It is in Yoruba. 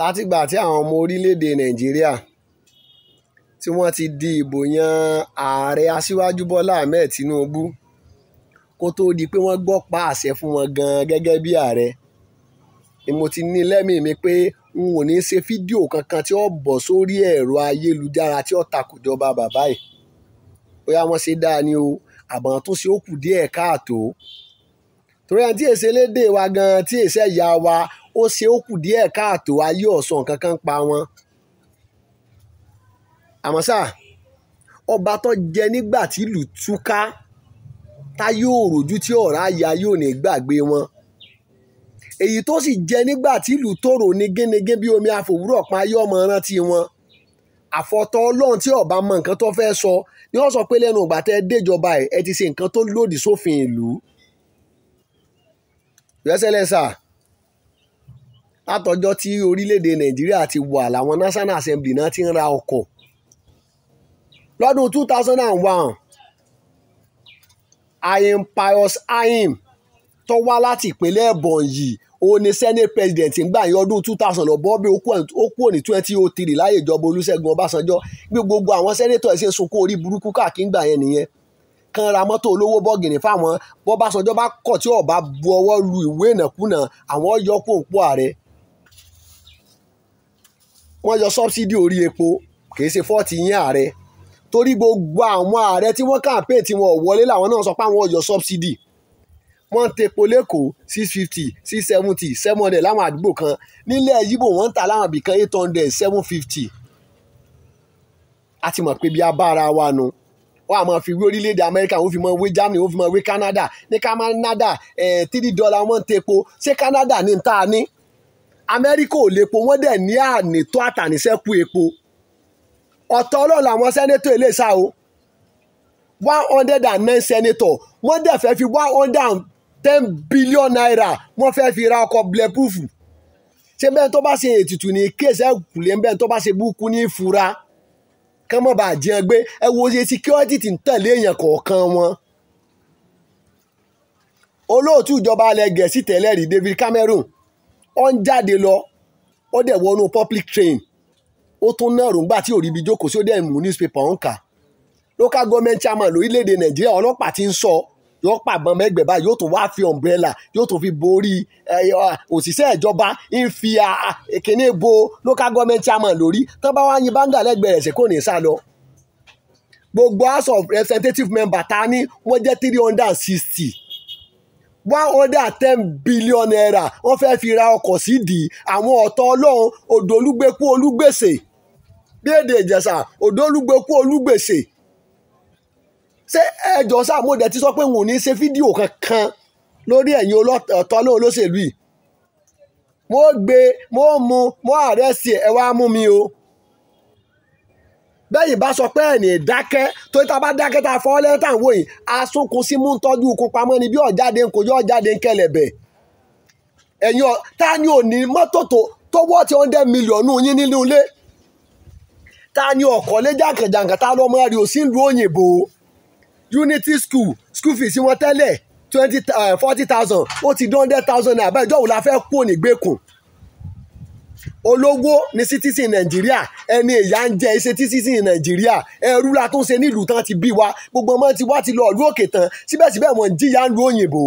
látìgbà tí àwọn ọmọ orílẹ̀-èdè nàìjíríà tí wọ́n ti di ìbò yan ààrẹ aṣíwájú bọ́lá ahmed tinubu kó tóó di pé wọ́n gbọ́ pa àṣẹ fún wọn gan-an gẹ́gẹ́ bí ààrẹ ni mo ti ní lẹ́mìí mi pé n ò ní ṣe fídíò kankan tí ó bọ̀ sórí ẹ̀rọ ayélujára tí ó takùjọba bàbá yìí bóyá wọ́n ṣe dáa ni o àbọ̀ tó ṣe ó kù díẹ̀ káàtó torí àwọn tí èsè lédè wa gan-an tí èsè ya wa ó ṣe ó kù díẹ̀ káàtó ayé ọ̀sán kankan pa wọn. àmọ́ ṣá ọba tó jẹ nígbà tí ìlú túká tá yóò rojú tí ọ̀rá ya yóò ní gbàgbé wọn èyí tó sì jẹ nígbà tí ìlú tòrò nigínigí bí omi àfòwúrọ̀ pa ayé ọmọ rántí wọn àfọ̀tọ́ ọlọ́run tí ọba mọ nǹkan tó fẹ́ sọ ni wọ́n sọ pé lẹ́nu ìgbà tẹ́ ẹ déjọba ẹ̀ ẹ ti ṣe nǹkan tó lòdì sófin ìlú. rẹ́sẹ̀lẹ́sà. So látọjọ́ tí orílẹ̀-èdè nàìjíríà ti wà làwọn national assembly náà ti ń ra ọkọ̀ lọ́dún two thousand and one ayim pius ayim tó wá láti ìpínlẹ̀ Ebonyi òun ni senate president ńgbà yẹn ọdún two thousand ọ̀bọ̀ bí ó kúrò ní twenty oh three láyé ìjọba Olúṣẹ́gun Ọbásanjọ́ bí gbogbo àwọn senator ẹ̀ ṣe sunkún orí burúkú káàkiri ńgbà yẹn nìyẹn kan ra mọ́tò olówó bọ́gìnì fáwọn bọ́básanjọ́ bá kọ̀ tí ọba bu ọwọ́ lu ìwé ìnàkúnà àwọn yọkùn òpó ààrẹ wọ́n yọ sọ́bsìdì orí epo kì í ṣe fọ́ọ̀tì yín ààrẹ torí gbogbo àwọn ààrẹ tí wọ́n campaign tí wọ́n wọlé làwọn náà sọ pé àwọn yọ sọ́bsìdì wọ́n ń tepo lẹ́kọ̀ọ́ six fifty six seventy seven hundred láwọn àdúgbò kan nílẹ̀ yíbò wọ́n ń ta láwọn àbìkan eight hundred seven fifty a ti mọ̀ pé bí a bá ara wa nu wọ́n á máa fi wé orílẹ̀-èdè amẹ́ríkà wọ́n fi mọ wé germany wọ́n fi mọ wé canada ní canada eh, three dollar wọ́n ń tepo ṣé canada ní ta ni amẹ́ríkà ò lépo wọ́n dẹ̀ ní ànító àtàníṣẹ́kù epo ọ̀tọ̀ ọlọ́run làwọn sẹ́nétọ̀ eléṣà o one hundred and nine senator wọ́n dẹ̀ fẹ́ fi one hundred and ten billion naira wọ́n fẹ́ fi ra ọkọ̀ blẹ́púfù ṣé bẹ́ẹ̀ tó bá ṣe ètùtù ní kéèsì ẹ̀kúlẹ̀ bẹ́ẹ̀ tó bá ṣe búkú ní ìfura kán mọ̀ bá jẹun gbé ẹ wo ṣe security ti ń tẹ̀lé èèyàn kọ̀ọ̀kan wọn. olóòtú ìjọba alẹ́ gẹ̀ẹ́sì tẹ́lẹ̀ rí David Cameron ó ń jáde lọ ó dẹ̀ wọnú public train ó tún náà rògbà tí òrìbí jókòó sí ó dẹ̀ mú newspaper ń kà local government chairman lórílẹ̀‐èdè nàìjíríà ọlọ́pàá ti ń sọ yóò pàbọn mẹ́gbẹ̀ báyìí yóò tún wá fi umbrella yóò tún fi borí òṣìṣẹ́ ìjọba ń fi kíní bo local government chairman lórí tó bá wá yin báńgà lẹ́gbẹ̀ẹ́ rẹ̀ ṣe kò ní sá lọ gbogbo house of representative member ta ni wọ́n jẹ́ three hundred and sixty one hundred and ten billion naira wọ́n fẹ́ fi ra ọkọ̀ sídìí àwọn ọ̀tọ̀ ọlọ́run odò olúgbẹ́kú olúgbèsè bí èdè ìjẹ̀ṣà odò olúgbẹ́kú olúgbèsè ṣé ẹjọ́ sáà mo dẹ̀ ti sọ pé n ò ní ṣe fídíò kankan lórí ẹ̀yin ọ̀tọ̀ ọlọ́run olóṣèlú yìí mo gbé mo mú mo àrẹ́sì ẹ̀ wá mú mi o bẹ́yìn bá sọ pé ẹ̀nì dákẹ́ tó tá a bá dákẹ́ tá a fọ́ lẹ́yìn à ń wò yìí asunkun sí mú ń tọ́jú ikun pamọ́ ni bí ọ̀jáde ń kojú ọ̀jáde ń kẹlẹ̀bẹ̀ ẹ̀yin ta ni ò ní mọ́tò tó tó wọ́ ti hundred mílíọ̀nù yín nínú ilé ta ni ọ̀kọ́ lé jàǹkàjàǹkà ta lọ́mọ rí òsì ìlú òyìnbó unity school school fees wọn tẹ́lẹ̀ twenty eh, forty thousand ó ti dán hundred thousand naira báyìí jọ́wọ́ la fẹ́ kú òní gbẹ́kùn olówó ni citizen nàìjíríà ẹni ìyá ń jẹ iṣẹ́ citizen nàìjíríà ẹrú la tó ń ṣe nílùú tán ti bí wa gbogbo ọmọ tiwa ti lọ ìlú òkè tán síbẹ̀síbẹ̀ wọ́n ń jìyà ń lu òyìnbó